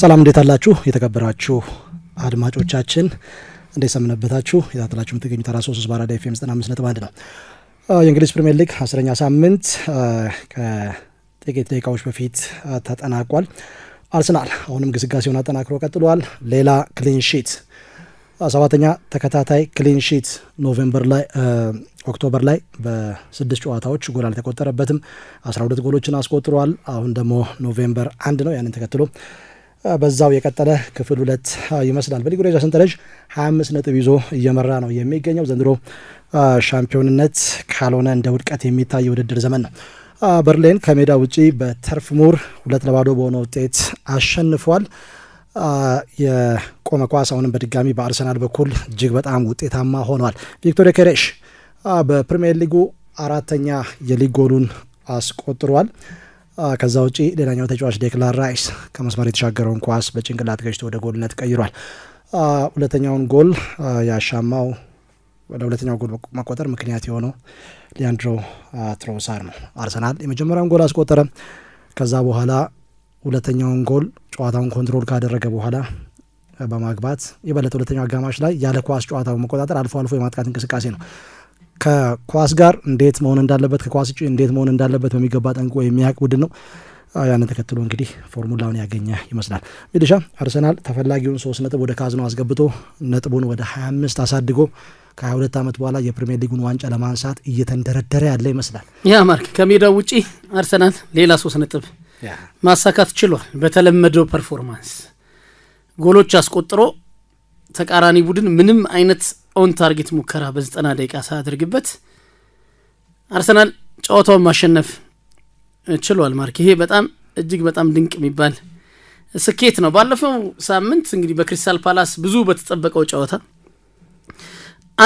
ሰላም እንዴት አላችሁ? የተከበራችሁ አድማጮቻችን እንዴት ሰምነበታችሁ? የታጠላችሁ የምትገኙ ተራ ሶስት ውስጥ በአራዳ ኤፍኤም ዘጠና አምስት ነጥብ አንድ ነው። የእንግሊዝ ፕሪምየር ሊግ አስረኛ ሳምንት ከጥቂት ደቂቃዎች በፊት ተጠናቋል። አርሰናል አሁንም ግስጋሴውን አጠናክሮ ቀጥሏል። ሌላ ክሊንሺት ሰባተኛ ተከታታይ ክሊንሺት ኖቬምበር ላይ ኦክቶበር ላይ በስድስት ጨዋታዎች ጎል አልተቆጠረበትም። አስራ ሁለት ጎሎችን አስቆጥሯል። አሁን ደግሞ ኖቬምበር አንድ ነው። ያንን ተከትሎ በዛው የቀጠለ ክፍል ሁለት ይመስላል። በሊጉ ደረጃ ሰንጠረዥ 25 ነጥብ ይዞ እየመራ ነው የሚገኘው። ዘንድሮ ሻምፒዮንነት ካልሆነ እንደ ውድቀት የሚታይ ውድድር ዘመን ነው። በርሊን ከሜዳ ውጪ በተርፍ ሙር ሁለት ለባዶ በሆነ ውጤት አሸንፏል። የቆመ ኳስ አሁንም በድጋሚ በአርሰናል በኩል እጅግ በጣም ውጤታማ ሆኗል። ቪክቶር ኬሬሽ በፕሪምየር ሊጉ አራተኛ የሊግ ጎሉን አስቆጥሯል። ከዛ ውጪ ሌላኛው ተጫዋች ዴክላን ራይስ ከመስመር የተሻገረውን ኳስ በጭንቅላት ገጭቶ ወደ ጎልነት ቀይሯል። ሁለተኛውን ጎል ያሻማው ለሁለተኛው ጎል መቆጠር ምክንያት የሆነው ሊያንድሮ ትሮሳር ነው። አርሰናል የመጀመሪያውን ጎል አስቆጠረ። ከዛ በኋላ ሁለተኛውን ጎል ጨዋታውን ኮንትሮል ካደረገ በኋላ በማግባት የበለጠ ሁለተኛው አጋማሽ ላይ ያለ ኳስ ጨዋታው መቆጣጠር አልፎ አልፎ የማጥቃት እንቅስቃሴ ነው ከኳስ ጋር እንዴት መሆን እንዳለበት ከኳስ ውጭ እንዴት መሆን እንዳለበት በሚገባ ጠንቅቆ የሚያውቅ ቡድን ነው። ያንን ተከትሎ እንግዲህ ፎርሙላውን ያገኘ ይመስላል። ሚሊሻ አርሰናል ተፈላጊውን ሶስት ነጥብ ወደ ካዝኖ አስገብቶ ነጥቡን ወደ 25 አሳድጎ ከ ሁለት ዓመት በኋላ የፕሪምየር ሊጉን ዋንጫ ለማንሳት እየተንደረደረ ያለ ይመስላል። ያ ማርክ ከሜዳው ውጪ አርሰናል ሌላ ሶስት ነጥብ ማሳካት ችሏል። በተለመደው ፐርፎርማንስ ጎሎች አስቆጥሮ ተቃራኒ ቡድን ምንም አይነት ኦን ታርጌት ሙከራ በዘጠና ደቂቃ ሳያደርግበት አርሰናል ጨዋታውን ማሸነፍ ችሏል። ማርክ ይሄ በጣም እጅግ በጣም ድንቅ የሚባል ስኬት ነው። ባለፈው ሳምንት እንግዲህ በክሪስታል ፓላስ ብዙ በተጠበቀው ጨዋታ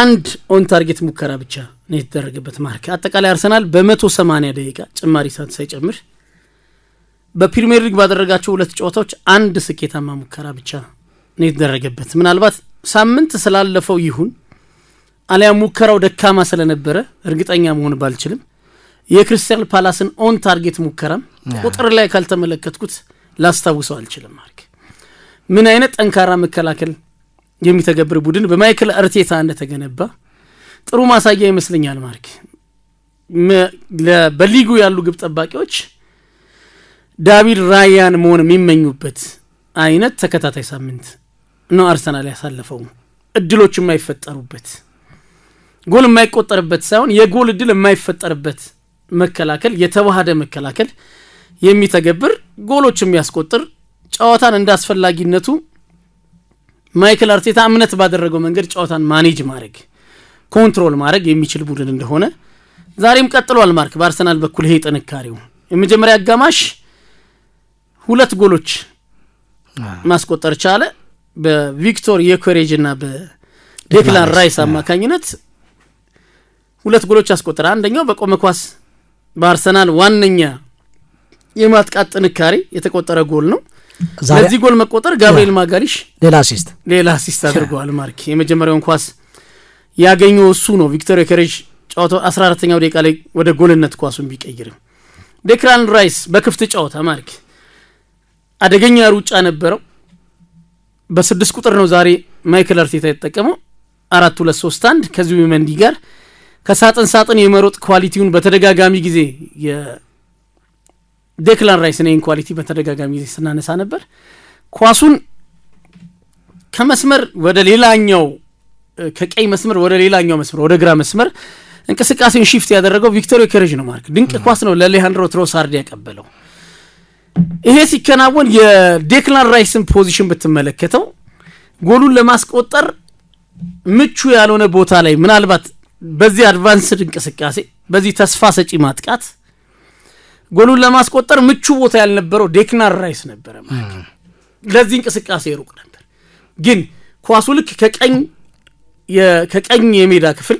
አንድ ኦን ታርጌት ሙከራ ብቻ ነው የተደረገበት። ማርክ አጠቃላይ አርሰናል በመቶ ሰማንያ ደቂቃ ጭማሪ ሰዓት ሳይጨምር በፕሪሜር ሊግ ባደረጋቸው ሁለት ጨዋታዎች አንድ ስኬታማ ሙከራ ብቻ ነው የተደረገበት። ምናልባት ሳምንት ስላለፈው ይሁን አሊያ ሙከራው ደካማ ስለነበረ እርግጠኛ መሆን ባልችልም የክርስቲያን ፓላስን ኦን ታርጌት ሙከራም ቁጥር ላይ ካልተመለከትኩት ላስታውሰው አልችልም። አርግ ምን አይነት ጠንካራ መከላከል የሚተገብር ቡድን በማይክል እርቴታ እንደተገነባ ጥሩ ማሳያ ይመስለኛል። ማርክ በሊጉ ያሉ ግብ ጠባቂዎች ዳቪድ ራያን መሆን የሚመኙበት አይነት ተከታታይ ሳምንት ነው አርሰናል ያሳለፈው። እድሎች የማይፈጠሩበት ጎል የማይቆጠርበት ሳይሆን የጎል እድል የማይፈጠርበት መከላከል፣ የተዋሃደ መከላከል የሚተገብር ጎሎች የሚያስቆጥር ጨዋታን እንደ አስፈላጊነቱ ማይክል አርቴታ እምነት ባደረገው መንገድ ጨዋታን ማኔጅ ማድረግ ኮንትሮል ማድረግ የሚችል ቡድን እንደሆነ ዛሬም ቀጥሏል። ማርክ በአርሰናል በኩል ይሄ ጥንካሬው የመጀመሪያ አጋማሽ ሁለት ጎሎች ማስቆጠር ቻለ። በቪክቶር የኮሬጅ ና በዴክላን ራይስ አማካኝነት ሁለት ጎሎች አስቆጠረ። አንደኛው በቆመ ኳስ በአርሰናል ዋነኛ የማጥቃት ጥንካሬ የተቆጠረ ጎል ነው። ለዚህ ጎል መቆጠር ጋብርኤል ማጋሊሽ ሌላ አሲስት ሌላ አሲስት አድርገዋል። ማርክ የመጀመሪያውን ኳስ ያገኘው እሱ ነው። ቪክቶር የኮሬጅ ጨዋታው 14 አራተኛው ደቂቃ ላይ ወደ ጎልነት ኳሱን ቢቀይርም ዴክላን ራይስ በክፍት ጨዋታ ማርክ አደገኛ ሩጫ ነበረው። በስድስት ቁጥር ነው ዛሬ ማይክል አርቴታ የተጠቀመው አራት ሁለት ሶስት አንድ ከዚሁ መንዲ ጋር ከሳጥን ሳጥን የመሮጥ ኳሊቲውን በተደጋጋሚ ጊዜ የዴክላን ራይስ ነይን ኳሊቲ በተደጋጋሚ ጊዜ ስናነሳ ነበር። ኳሱን ከመስመር ወደ ሌላኛው ከቀይ መስመር ወደ ሌላኛው መስመር ወደ ግራ መስመር እንቅስቃሴውን ሺፍት ያደረገው ቪክቶሪ ኬሬጅ ነው። ማርክ ድንቅ ኳስ ነው ለሌሃንድሮ ትሮሳርድ ያቀበለው። ይሄ ሲከናወን የዴክላን ራይስን ፖዚሽን ብትመለከተው ጎሉን ለማስቆጠር ምቹ ያልሆነ ቦታ ላይ ምናልባት በዚህ አድቫንስድ እንቅስቃሴ በዚህ ተስፋ ሰጪ ማጥቃት ጎሉን ለማስቆጠር ምቹ ቦታ ያልነበረው ዴክላን ራይስ ነበረ ማለት ለዚህ እንቅስቃሴ ሩቅ ነበር፣ ግን ኳሱ ልክ ከቀኝ ከቀኝ የሜዳ ክፍል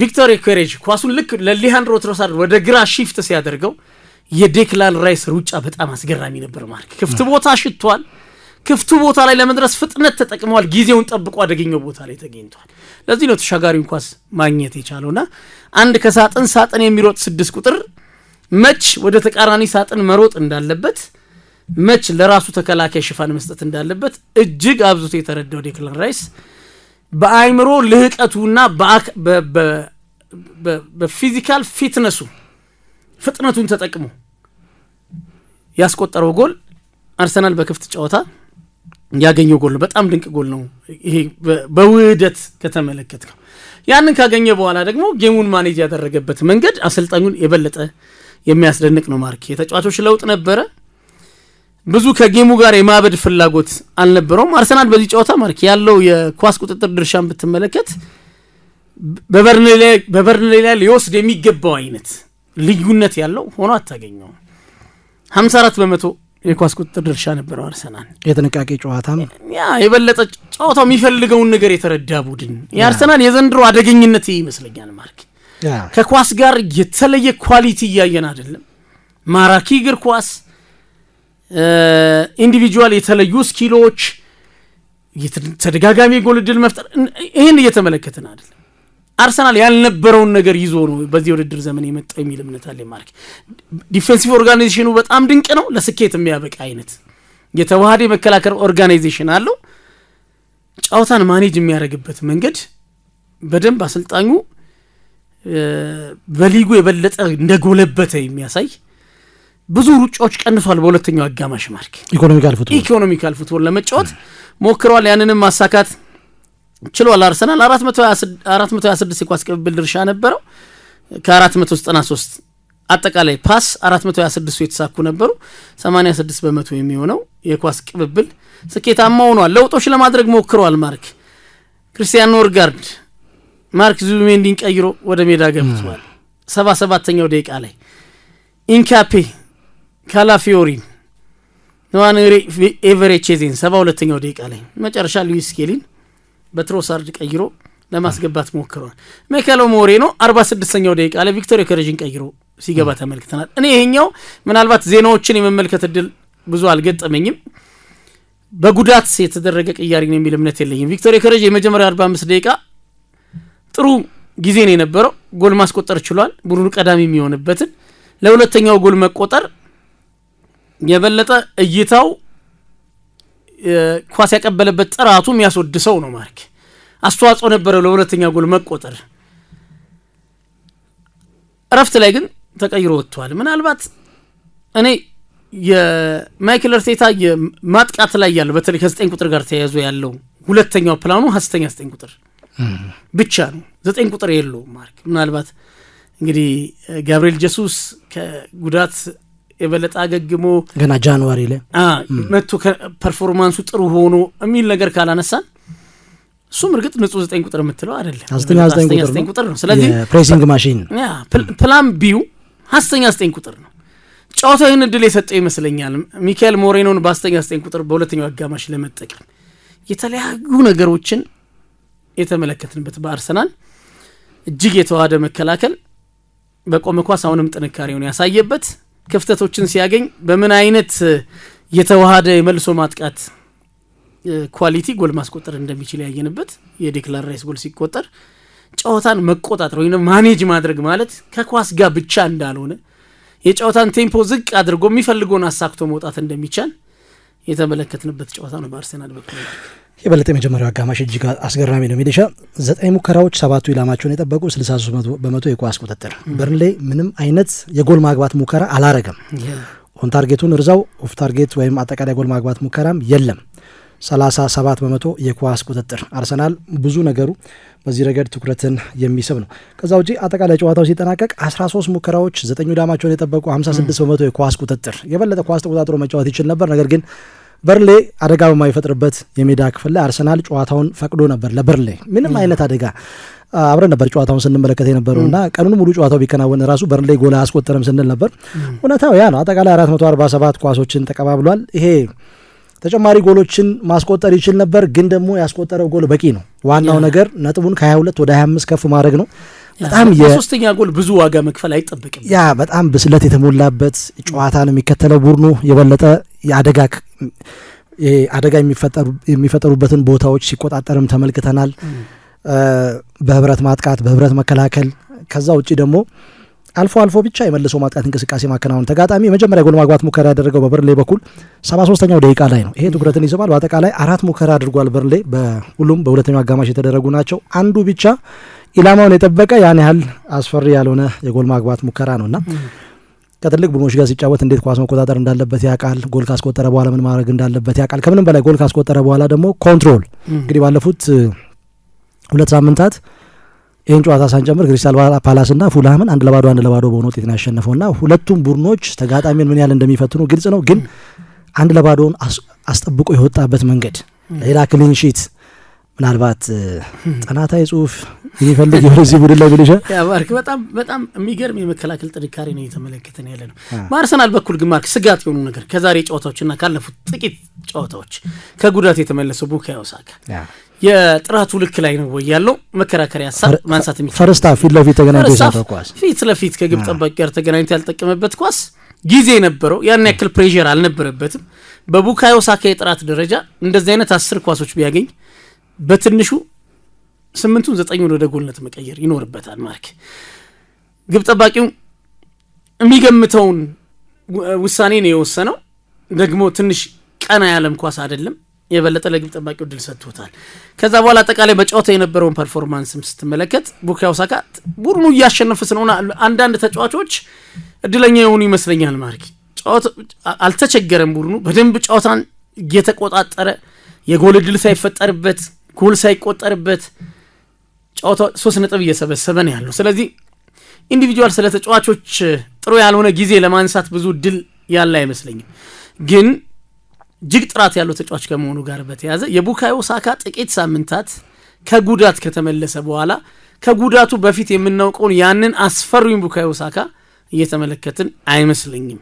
ቪክቶር ኮሬጅ ኳሱን ልክ ለሊሃንድሮ ትሮሳርድ ወደ ግራ ሺፍት ሲያደርገው የዴክላን ራይስ ሩጫ በጣም አስገራሚ ነበር። ማርክ ክፍት ቦታ ሽቷል። ክፍቱ ቦታ ላይ ለመድረስ ፍጥነት ተጠቅመዋል። ጊዜውን ጠብቆ አደገኛው ቦታ ላይ ተገኝቷል። ለዚህ ነው ተሻጋሪውን ኳስ ማግኘት የቻለውና አንድ ከሳጥን ሳጥን የሚሮጥ ስድስት ቁጥር መች ወደ ተቃራኒ ሳጥን መሮጥ እንዳለበት መች ለራሱ ተከላካይ ሽፋን መስጠት እንዳለበት እጅግ አብዝቶ የተረዳው ዴክላን ራይስ በአይምሮ ልህቀቱና በፊዚካል ፊትነሱ ፍጥነቱን ተጠቅሞ ያስቆጠረው ጎል አርሰናል በክፍት ጨዋታ ያገኘው ጎል ነው። በጣም ድንቅ ጎል ነው። ይሄ በውህደት ከተመለከትከው ያንን ካገኘ በኋላ ደግሞ ጌሙን ማኔጅ ያደረገበት መንገድ አሰልጣኙን የበለጠ የሚያስደንቅ ነው። ማርክ የተጫዋቾች ለውጥ ነበረ። ብዙ ከጌሙ ጋር የማበድ ፍላጎት አልነበረውም። አርሰናል በዚህ ጨዋታ ማርክ ያለው የኳስ ቁጥጥር ድርሻን ብትመለከት በበርንሌ ላይ ሊወስድ የሚገባው አይነት ልዩነት ያለው ሆኖ አታገኘውም። ሀምሳ አራት በመቶ የኳስ ቁጥጥር ድርሻ ነበረው አርሰናል። የጥንቃቄ ጨዋታም ያ የበለጠ ጨዋታው የሚፈልገውን ነገር የተረዳ ቡድን የአርሰናል የዘንድሮ አደገኝነት ይመስለኛል። ማርክ ከኳስ ጋር የተለየ ኳሊቲ እያየን አይደለም። ማራኪ እግር ኳስ፣ ኢንዲቪጁዋል የተለዩ ስኪሎች፣ ተደጋጋሚ የጎል እድል መፍጠር፣ ይህን እየተመለከትን አይደለም። አርሰናል ያልነበረውን ነገር ይዞ ነው በዚህ ውድድር ዘመን የመጣው የሚል እምነት አለ። ማርክ ዲፌንሲቭ ኦርጋናይዜሽኑ በጣም ድንቅ ነው። ለስኬት የሚያበቃ አይነት የተዋሃደ የመከላከል ኦርጋናይዜሽን አለው። ጨዋታን ማኔጅ የሚያደርግበት መንገድ በደንብ አሰልጣኙ በሊጉ የበለጠ እንደጎለበተ የሚያሳይ ብዙ ሩጫዎች ቀንሷል። በሁለተኛው አጋማሽ ማርክ ኢኮኖሚካል ፉትቦል ኢኮኖሚካል ፉትቦል ለመጫወት ሞክረዋል። ያንንም ማሳካት ችሏል። አርሰናል 426 የኳስ ቅብብል ድርሻ ነበረው ከ493 አጠቃላይ ፓስ 426 የተሳኩ ነበሩ። 86 በመቶ የሚሆነው የኳስ ቅብብል ስኬታማ ሆኗል። ለውጦች ለማድረግ ሞክረዋል። ማርክ ክርስቲያን ኖርጋርድ ማርክ ዙቢሜንዲን ቀይሮ ወደ ሜዳ ገብቷል። 77ኛው ደቂቃ ላይ ኢንካፔ ካላፊዮሪን ነዋንሬ ኤቨሬቼዜን 72 ተኛው ደቂቃ ላይ መጨረሻ ሉዊስ ስኬሊን በትሮሳርድ ቀይሮ ለማስገባት ሞክረዋል። ሜካሎ ሞሬኖ አርባ ስድስተኛው ደቂቃ ላይ ቪክቶር ዮኬሬዥን ቀይሮ ሲገባ ተመልክተናል። እኔ ይሄኛው ምናልባት ዜናዎችን የመመልከት እድል ብዙ አልገጠመኝም። በጉዳት የተደረገ ቅያሪ ነው የሚል እምነት የለኝም። ቪክቶር ዮኬሬዥ የመጀመሪያ አምስት ደቂቃ ጥሩ ጊዜ ነው የነበረው። ጎል ማስቆጠር ችሏል። ቡድኑ ቀዳሚ የሚሆንበትን ለሁለተኛው ጎል መቆጠር የበለጠ እይታው ኳስ ያቀበለበት ጥራቱ የሚያስወድሰው ነው። ማርክ አስተዋጽኦ ነበረው ለሁለተኛ ጎል መቆጠር። እረፍት ላይ ግን ተቀይሮ ወጥቷል። ምናልባት እኔ የማይክል አርቴታ የማጥቃት ላይ ያለው በተለይ ከዘጠኝ ቁጥር ጋር ተያይዞ ያለው ሁለተኛው ፕላኑ ሀሰተኛ ዘጠኝ ቁጥር ብቻ ነው። ዘጠኝ ቁጥር የለውም ማርክ ምናልባት እንግዲህ ጋብሪኤል ጀሱስ ከጉዳት የበለጠ አገግሞ ገና ጃንዋሪ ላይ መቶ ፐርፎርማንሱ ጥሩ ሆኖ የሚል ነገር ካላነሳን እሱም እርግጥ ንጹህ ዘጠኝ ቁጥር የምትለው አይደለም፣ ዘጠኝ ቁጥር ነው። ስለዚህ ፕሬሲንግ ማሽን ፕላን ቢው ሀስተኛ ዘጠኝ ቁጥር ነው። ጨዋታው ይህን እድል የሰጠው ይመስለኛል። ሚካኤል ሞሬኖን በአስተኛ ዘጠኝ ቁጥር በሁለተኛው አጋማሽ ለመጠቀም የተለያዩ ነገሮችን የተመለከትንበት በአርሰናል እጅግ የተዋሃደ መከላከል በቆመ ኳስ አሁንም ጥንካሬውን ያሳየበት ክፍተቶችን ሲያገኝ በምን አይነት የተዋሃደ የመልሶ ማጥቃት ኳሊቲ ጎል ማስቆጠር እንደሚችል ያየንበት የዴክላን ራይስ ጎል ሲቆጠር ጨዋታን መቆጣጠር ወይም ማኔጅ ማድረግ ማለት ከኳስ ጋር ብቻ እንዳልሆነ የጨዋታን ቴምፖ ዝቅ አድርጎ የሚፈልገውን አሳክቶ መውጣት እንደሚቻል የተመለከትንበት ጨዋታ ነው። በአርሴናል በኩል የበለጠ የመጀመሪያው አጋማሽ እጅግ አስገራሚ ነው። ሚሊሻ ዘጠኝ ሙከራዎች ሰባቱ ኢላማቸውን የጠበቁ 63 በመቶ የኳስ ቁጥጥር። በርንሌ ምንም አይነት የጎል ማግባት ሙከራ አላረገም። ኦን ታርጌቱን እርዛው ኦፍ ታርጌት ወይም አጠቃላይ ጎል ማግባት ሙከራም የለም። 37 በመቶ የኳስ ቁጥጥር አርሰናል ብዙ ነገሩ በዚህ ረገድ ትኩረትን የሚስብ ነው። ከዛ ውጪ አጠቃላይ ጨዋታው ሲጠናቀቅ 13 ሙከራዎች ዘጠኙ ዳማቸውን የጠበቁ 56 በመቶ የኳስ ቁጥጥር የበለጠ ኳስ ተቆጣጥሮ መጫወት ይችል ነበር። ነገር ግን በርሌ አደጋ በማይፈጥርበት የሜዳ ክፍል ላይ አርሰናል ጨዋታውን ፈቅዶ ነበር። ለበርሌ ምንም አይነት አደጋ አብረን ነበር ጨዋታውን ስንመለከት የነበረው እና ቀኑን ሙሉ ጨዋታው ቢከናወን ራሱ በርሌ ጎል አያስቆጠርም ስንል ነበር። እውነታው ያ ነው። አጠቃላይ 447 ኳሶችን ተቀባብሏል። ይሄ ተጨማሪ ጎሎችን ማስቆጠር ይችል ነበር፣ ግን ደግሞ ያስቆጠረው ጎል በቂ ነው። ዋናው ነገር ነጥቡን ከ22 ወደ 25 ከፍ ማድረግ ነው። በጣም የሶስተኛ ጎል ብዙ ዋጋ መክፈል አይጠበቅም። ያ በጣም ብስለት የተሞላበት ጨዋታ ነው የሚከተለው ቡድኑ የበለጠ የአደጋ አደጋ የሚፈጠሩበትን ቦታዎች ሲቆጣጠርም ተመልክተናል። በህብረት ማጥቃት፣ በህብረት መከላከል ከዛ ውጭ ደግሞ አልፎ አልፎ ብቻ የመልሶ ማጥቃት እንቅስቃሴ ማከናወን ተጋጣሚ የመጀመሪያ ጎል ማግባት ሙከራ ያደረገው በበርሌ በኩል ሰባ ሶስተኛው ደቂቃ ላይ ነው። ይሄ ትኩረትን ይስባል። በአጠቃላይ አራት ሙከራ አድርጓል በርሌ፣ በሁሉም በሁለተኛው አጋማሽ የተደረጉ ናቸው። አንዱ ብቻ ኢላማውን የጠበቀ ያን ያህል አስፈሪ ያልሆነ የጎል ማግባት ሙከራ ነውና ከትልቅ ቡድኖች ጋር ሲጫወት እንዴት ኳስ መቆጣጠር እንዳለበት ያውቃል። ጎል ካስቆጠረ በኋላ ምን ማድረግ እንዳለበት ያውቃል። ከምንም በላይ ጎል ካስቆጠረ በኋላ ደግሞ ኮንትሮል እንግዲህ ባለፉት ሁለት ሳምንታት ይህን ጨዋታ ሳንጨምር ክሪስታል ፓላስ እና ፉልሃምን አንድ ለባዶ አንድ ለባዶ በሆነ ውጤት ነው ያሸነፈው ሁለቱም ቡድኖች ተጋጣሚን ምን ያህል እንደሚፈትኑ ግልጽ ነው። ግን አንድ ለባዶውን አስጠብቆ የወጣበት መንገድ ሌላ ክሊንሺት ምናልባት ጥናታዊ ጽሁፍ የሚፈልግ የዚህ ቡድን ላይ ብልሻ ማርክ በጣም በጣም የሚገርም የመከላከል ጥንካሬ ነው እየተመለከተን ያለ ነው። በአርሰናል በኩል ግን ማርክ ስጋት የሆኑ ነገር ከዛሬ ጨዋታዎችና ካለፉት ጥቂት ጨዋታዎች ከጉዳት የተመለሰው ቡካዮ ሳካ የጥራቱ ልክ ላይ ነው ወይ ያለው መከራከሪያ ሀሳብ ማንሳት የሚ ፈርስታ ፊት ለፊት ተገናኝቶ የሳተው ኳስ ፊት ለፊት ከግብ ጠባቂ ጋር ተገናኝቶ ያልጠቀመበት ኳስ ጊዜ ነበረው። ያን ያክል ፕሬዥር አልነበረበትም። በቡካዮ ሳካ የጥራት ደረጃ እንደዚህ አይነት አስር ኳሶች ቢያገኝ በትንሹ ስምንቱን ዘጠኙን ወደ ጎልነት መቀየር ይኖርበታል። ማርክ ግብ ጠባቂው የሚገምተውን ውሳኔ ነው የወሰነው። ደግሞ ትንሽ ቀና ያለም ኳስ አይደለም። የበለጠ ለግብ ጠባቂው ድል ሰጥቶታል። ከዛ በኋላ አጠቃላይ በጨዋታ የነበረውን ፐርፎርማንስም ስትመለከት ቡካዮ ሳካ ቡድኑ እያሸነፈ ስለሆነ አንዳንድ ተጫዋቾች እድለኛ የሆኑ ይመስለኛል። ማርኪ አልተቸገረም። ቡድኑ በደንብ ጨዋታን እየተቆጣጠረ የጎል እድል ሳይፈጠርበት ጎል ሳይቆጠርበት ጨዋታ ሶስት ነጥብ እየሰበሰበ ነው ያለው። ስለዚህ ኢንዲቪጁዋል ስለ ተጫዋቾች ጥሩ ያልሆነ ጊዜ ለማንሳት ብዙ ድል ያለ አይመስለኝም ግን እጅግ ጥራት ያለው ተጫዋች ከመሆኑ ጋር በተያዘ የቡካዮ ሳካ ጥቂት ሳምንታት ከጉዳት ከተመለሰ በኋላ ከጉዳቱ በፊት የምናውቀውን ያንን አስፈሪውን ቡካዮ ሳካ እየተመለከትን አይመስለኝም።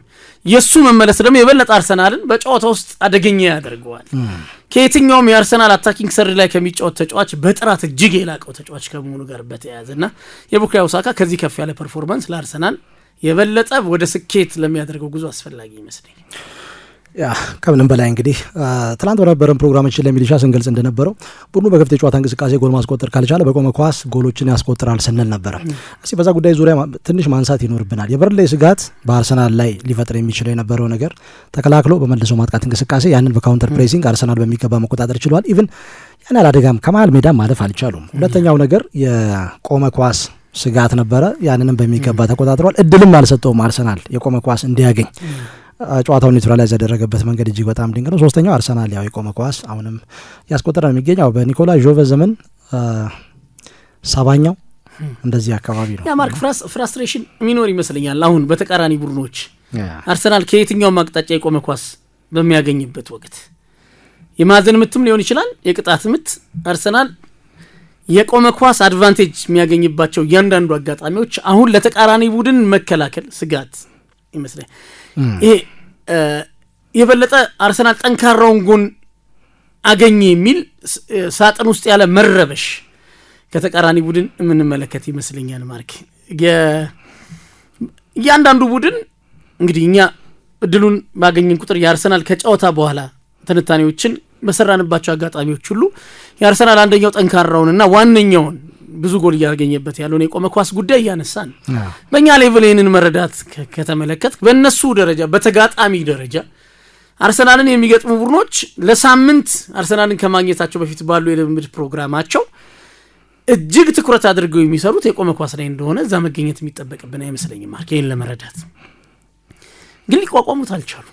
የእሱ መመለስ ደግሞ የበለጠ አርሰናልን በጨዋታ ውስጥ አደገኛ ያደርገዋል። ከየትኛውም የአርሰናል አታኪንግ ሰሪ ላይ ከሚጫወት ተጫዋች በጥራት እጅግ የላቀው ተጫዋች ከመሆኑ ጋር በተያያዘ እና የቡካዮ ሳካ ከዚህ ከፍ ያለ ፐርፎርማንስ ለአርሰናል የበለጠ ወደ ስኬት ለሚያደርገው ጉዞ አስፈላጊ ይመስለኛል። ያ ከምንም በላይ እንግዲህ ትናንት በነበረን ፕሮግራማችን ለሚሊሻ ስንገልጽ እንደነበረው ቡድኑ በከፍት የጨዋታ እንቅስቃሴ ጎል ማስቆጠር ካልቻለ በቆመ ኳስ ጎሎችን ያስቆጥራል ስንል ነበረ። እስ በዛ ጉዳይ ዙሪያ ትንሽ ማንሳት ይኖርብናል። የበርንሌይ ስጋት በአርሰናል ላይ ሊፈጥር የሚችለው የነበረው ነገር ተከላክሎ በመልሶ ማጥቃት እንቅስቃሴ ያንን በካውንተር ፕሬሲንግ አርሰናል በሚገባ መቆጣጠር ችሏል። ኢቭን ያን ያህል አደጋም ከመሀል ሜዳ ማለፍ አልቻሉም። ሁለተኛው ነገር የቆመ ኳስ ስጋት ነበረ። ያንንም በሚገባ ተቆጣጥሯል። እድልም አልሰጠውም አርሰናል የቆመ ኳስ እንዲያገኝ ጨዋታው ኒውትራላይዝ ያደረገበት መንገድ እጅግ በጣም ድንቅ ነው። ሶስተኛው አርሰናል ያው የቆመ ኳስ አሁንም ያስቆጠረ ነው የሚገኘው በኒኮላ ዦቨ ዘመን ሰባኛው እንደዚህ አካባቢ ነው። ያ ማርክ ፍራስትሬሽን የሚኖር ይመስለኛል። አሁን በተቃራኒ ቡድኖች አርሰናል ከየትኛውም አቅጣጫ የቆመ ኳስ በሚያገኝበት ወቅት የማዕዘን ምትም ሊሆን ይችላል፣ የቅጣት ምት አርሰናል የቆመ ኳስ አድቫንቴጅ የሚያገኝባቸው እያንዳንዱ አጋጣሚዎች አሁን ለተቃራኒ ቡድን መከላከል ስጋት ይመስለኛል። ይሄ የበለጠ አርሰናል ጠንካራውን ጎን አገኘ የሚል ሳጥን ውስጥ ያለ መረበሽ ከተቃራኒ ቡድን የምንመለከት ይመስለኛል። ማርክ እያንዳንዱ ቡድን እንግዲህ እኛ እድሉን ባገኘን ቁጥር የአርሰናል ከጨዋታ በኋላ ትንታኔዎችን በሰራንባቸው አጋጣሚዎች ሁሉ የአርሰናል አንደኛው ጠንካራውንና ዋነኛውን ብዙ ጎል እያገኘበት ያለውን የቆመ ኳስ ጉዳይ እያነሳን በእኛ ሌቭል ይህንን መረዳት ከተመለከት በእነሱ ደረጃ በተጋጣሚ ደረጃ አርሰናልን የሚገጥሙ ቡድኖች ለሳምንት አርሰናልን ከማግኘታቸው በፊት ባሉ የልምምድ ፕሮግራማቸው እጅግ ትኩረት አድርገው የሚሰሩት የቆመ ኳስ ላይ እንደሆነ እዛ መገኘት የሚጠበቅብን አይመስለኝም። ይህን ለመረዳት ግን ሊቋቋሙት አልቻሉ።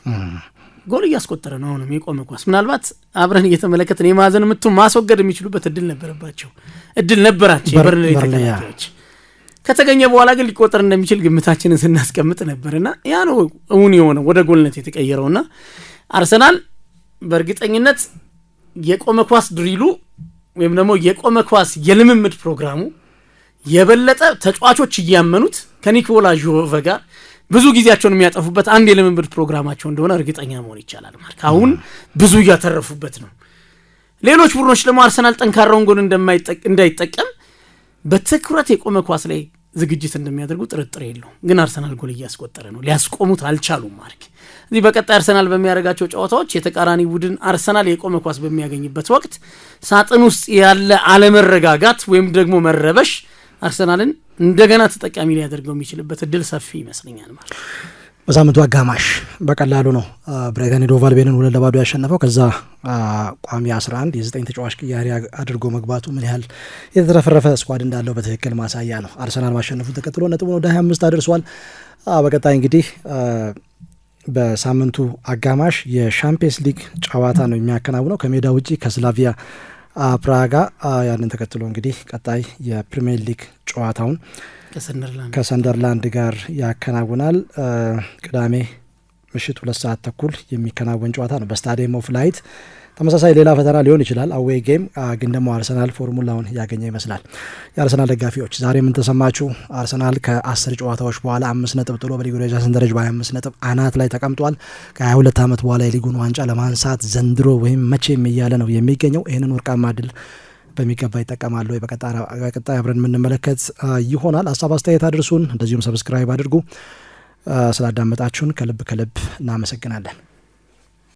ጎል እያስቆጠረ ነው። አሁንም የቆመ ኳስ ምናልባት አብረን እየተመለከትን የማዘን ምቱ ማስወገድ የሚችሉበት እድል ነበረባቸው እድል ነበራቸው የበርንሌ ተከላካዮች። ከተገኘ በኋላ ግን ሊቆጠር እንደሚችል ግምታችንን ስናስቀምጥ ነበር ና ያ ነው እውን የሆነ ወደ ጎልነት የተቀየረው ና አርሰናል በእርግጠኝነት የቆመ ኳስ ድሪሉ ወይም ደግሞ የቆመ ኳስ የልምምድ ፕሮግራሙ የበለጠ ተጫዋቾች እያመኑት ከኒኮላ ጆቨ ጋር ብዙ ጊዜያቸውን የሚያጠፉበት አንድ የልምምድ ፕሮግራማቸው እንደሆነ እርግጠኛ መሆን ይቻላል። ማለት አሁን ብዙ እያተረፉበት ነው። ሌሎች ቡድኖች ደግሞ አርሰናል ጠንካራውን ጎን እንዳይጠቀም በትኩረት የቆመ ኳስ ላይ ዝግጅት እንደሚያደርጉ ጥርጥር የለውም። ግን አርሰናል ጎል እያስቆጠረ ነው፣ ሊያስቆሙት አልቻሉም። ማርክ እዚህ በቀጣይ አርሰናል በሚያደርጋቸው ጨዋታዎች የተቃራኒ ቡድን አርሰናል የቆመ ኳስ በሚያገኝበት ወቅት ሳጥን ውስጥ ያለ አለመረጋጋት ወይም ደግሞ መረበሽ አርሰናልን እንደገና ተጠቃሚ ሊያደርገው የሚችልበት እድል ሰፊ ይመስለኛል ማለት በሳምንቱ አጋማሽ በቀላሉ ነው ብሬጋኔዶ ዶቫልቤንን ሁለት ለባዶ ያሸነፈው። ከዛ ቋሚ 11 የዘጠኝ ተጫዋች ቅያሪ አድርጎ መግባቱ ምን ያህል የተረፈረፈ ስኳድ እንዳለው በትክክል ማሳያ ነው። አርሰናል ማሸነፉን ተከትሎ ነጥቡን ወደ 25 አድርሷል። በቀጣይ እንግዲህ በሳምንቱ አጋማሽ የሻምፒየንስ ሊግ ጨዋታ ነው የሚያከናውነው ከሜዳ ውጪ ከስላቪያ ፕራጋ ያንን ተከትሎ እንግዲህ ቀጣይ የፕሪሚየር ሊግ ጨዋታውን ከሰንደርላንድ ጋር ያከናውናል። ቅዳሜ ምሽት ሁለት ሰዓት ተኩል የሚከናወን ጨዋታ ነው በስታዲየም ኦፍ ላይት ተመሳሳይ ሌላ ፈተና ሊሆን ይችላል አዌይ ጌም፣ ግን ደግሞ አርሰናል ፎርሙላውን ያገኘ ይመስላል። የአርሰናል ደጋፊዎች ዛሬ ምን ተሰማችሁ? አርሰናል ከአስር ጨዋታዎች በኋላ አምስት ነጥብ ጥሎ በሊጉ ደረጃ ሰንጠረዥ በሀያ አምስት ነጥብ አናት ላይ ተቀምጧል። ከሀያ ሁለት ዓመት በኋላ የሊጉን ዋንጫ ለማንሳት ዘንድሮ ወይም መቼም እያለ ነው የሚገኘው። ይህንን ወርቃማ ድል በሚገባ ይጠቀማሉ። በቀጣይ አብረን የምንመለከት ይሆናል። ሀሳብ አስተያየት አድርሱን፣ እንደዚሁም ሰብስክራይብ አድርጉ። ስላዳመጣችሁን ከልብ ከልብ እናመሰግናለን።